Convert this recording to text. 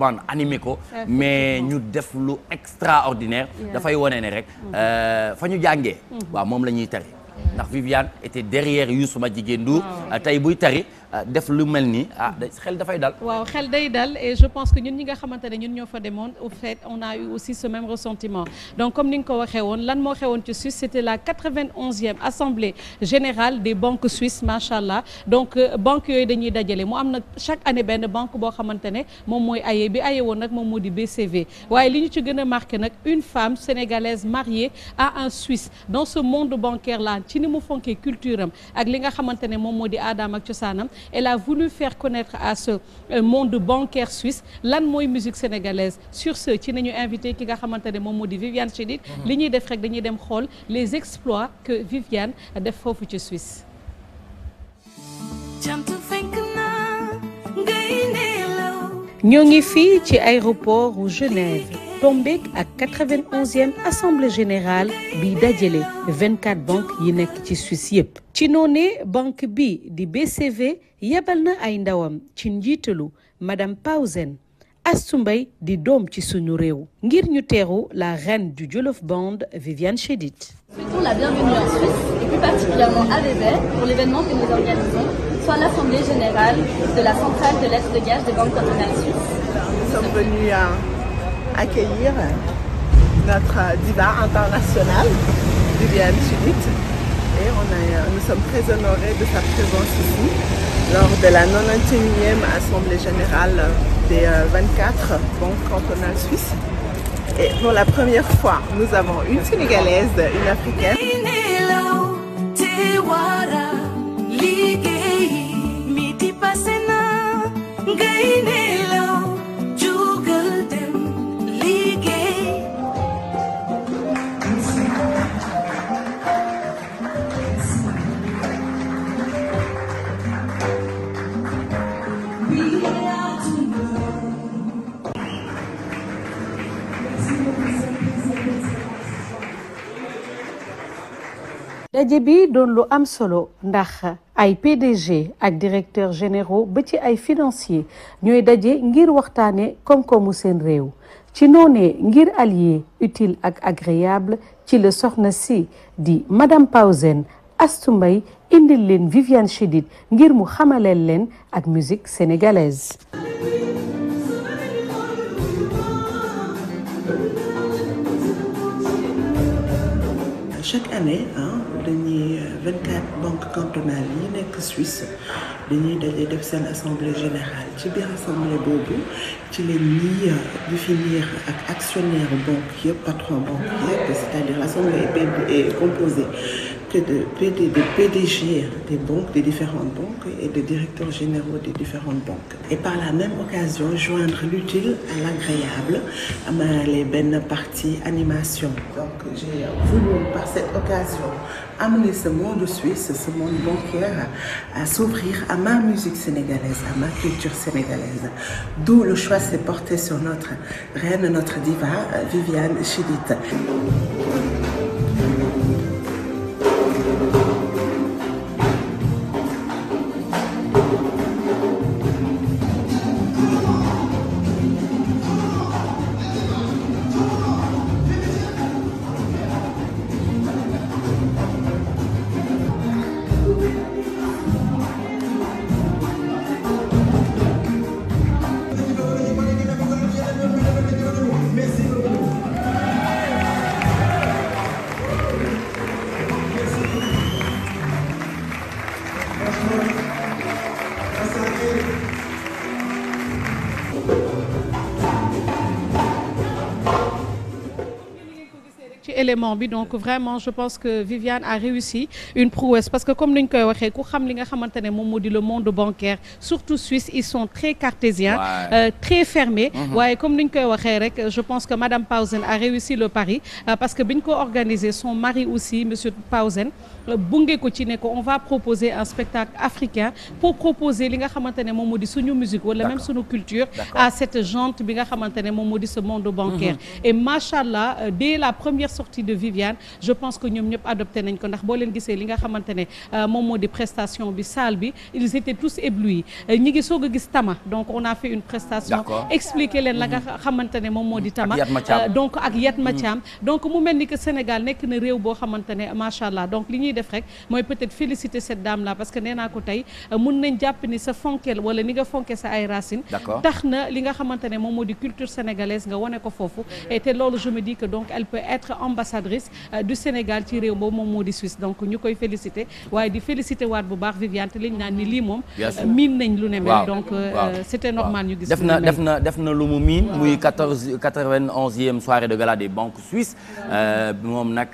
bande animé ko mais ñu def lu extraordinaire dafay wone ne rek mm-hmm. euh, fa ñu jàngee mm-hmm. waaw moom la ñuy tari ndax Viviane était derrière Youssou ma jigéen du tey buy tari def lu mel nii ah mm-hmm. xel dafay dal. waaw xel day dal e je pense que ñun ñi nga xamante ne ñun ñoo fa demoon au fait on a eu aussi ce même ressentiment donc comme ni nga ko waxee woon lan moo xewoon ci Suisse c' était la 91e e assemblée générale des banques suisses macha allah donc euh, banques yooyu dañuy dajale mu am na chaque année benn banque boo xamante ne moom mooy aye bi aye woon nag moom moo di BCV waaye li ñu ci gën a marqué nag une femme sénégalaise mariée à un Suisse monde bancaire là ci ni mu fonkee culture am ak li nga xamante ne moom moo di aadaam ak cosaanam elle a voulu faire connaître à ce euh, monde bancaire suisse lan mooy musique sénégalaise sur ce ci nañu invité ki nga xamante ne moom moo di Viviane Chidid mhm. li ñuy def rek dañuy dem xool les exploits que Viviane def foofu ci Suisse ñoo ngi fii ci aéroport Genève tombeek ak 91e assemblée générale bi dajale 24 banques yi nekk ci Suisse bi di BCV yebal na ay ndawam ci njiitalu madame Pausen Astou di doom ci suñu réew. ngir ñu teeru la reine du Jolof Band Viviane Chedid. Souhaitons la bienvenue en Suisse et plus particulièrement à pour l'événement que nous organisons, soit l'assemblée générale de la centrale de lettres de gage des banques cantonales suisses. Nous accueillir notre diva internationale, Viviane Judith. Et a, nous sommes très honorés de sa présence ici lors de la 91e Assemblée générale des 24 euh, banques cantonales suisses. Et pour la première fois, nous avons une Sénégalaise, une Africaine. daje bi doon lu am solo ndax ay PDG ak directeurs généraux ba ci ay financiers ñooy daje ngir waxtaane koom-koomu seen réew ci noonee ngir allier utile ak agréable ci la soxna si di madame Pausen Astou Mbaye indil leen vivian Chidid ngir mu xamalel leen ak musique sénégalaise chaque année ah dañuy 24 euh, banques cantonales yi nekk Suisse dañuy de def seen assemblée générale ci biir assemblée boobu ci la ñuy euh, définir ak actionnaire banque yëpp patron banque yëpp c'est-à-dire assemblée est composée que de, PD, de PDG des banques, des différentes banques et des directeurs généraux des différentes banques. Et par la même occasion, joindre l'utile à l'agréable, les ben partie animation. Donc j'ai voulu par cette occasion amener ce monde suisse, ce monde bancaire à s'ouvrir à ma musique sénégalaise, à ma culture sénégalaise. D'où le choix s'est porté sur notre reine, notre diva, Viviane Chidit. élément bi donc vraiment je pense que Viviane a réussi une prouesse parce que comme ni ñu koy waxee ku xam surtout Suisse ils sont très cartésiens euh, très fermés mhm. comme ni ñu je pense que madame Pausen a réussi le pari euh, parce que bi ñu ko organisé son mari aussi monsieur Pausen euh, bunge ko ci ne ko on va proposer un spectacle africain pour proposer li nga xamante ne moom moo di suñu musique wala même suñu culture à cette gente bi nga xamante ne moom moo di ce monde bancaire mhm. et partie de Viviane je pense que ñoom ñëpp adopté nañ ko euh, euh, mm-hmm. xamante ne moom moo di Tama euh, donc a fait une prestation expliqué leen la nga xamante ne mu mel ni que Sénégal nekk na réew boo xamante ne macha allah donc li ñuy def rek mooy peut-être féliciter cette dame là parce que nee naa ko tey mun nañ jàpp ni sa fonkeel wala ni nga fonke sa ay racines tax na li nga xamante ne moom moo di culture sénégalaise nga wane ko foofu mm-hmm. et te loolu je me donc elle peut être ambassadeur ambassadrice euh, du Sénégal ci réew boobu moom moo di Suisse donc ñu koy félicité waaye di félicité waat bu baax Viviane te naan ni lii moom euh, miin nañ lu ne mel donc euh, c'était normal ñu gis def def na def na lu mu miin muy quatorze quatre e soirée de gala des banques suisses moom nag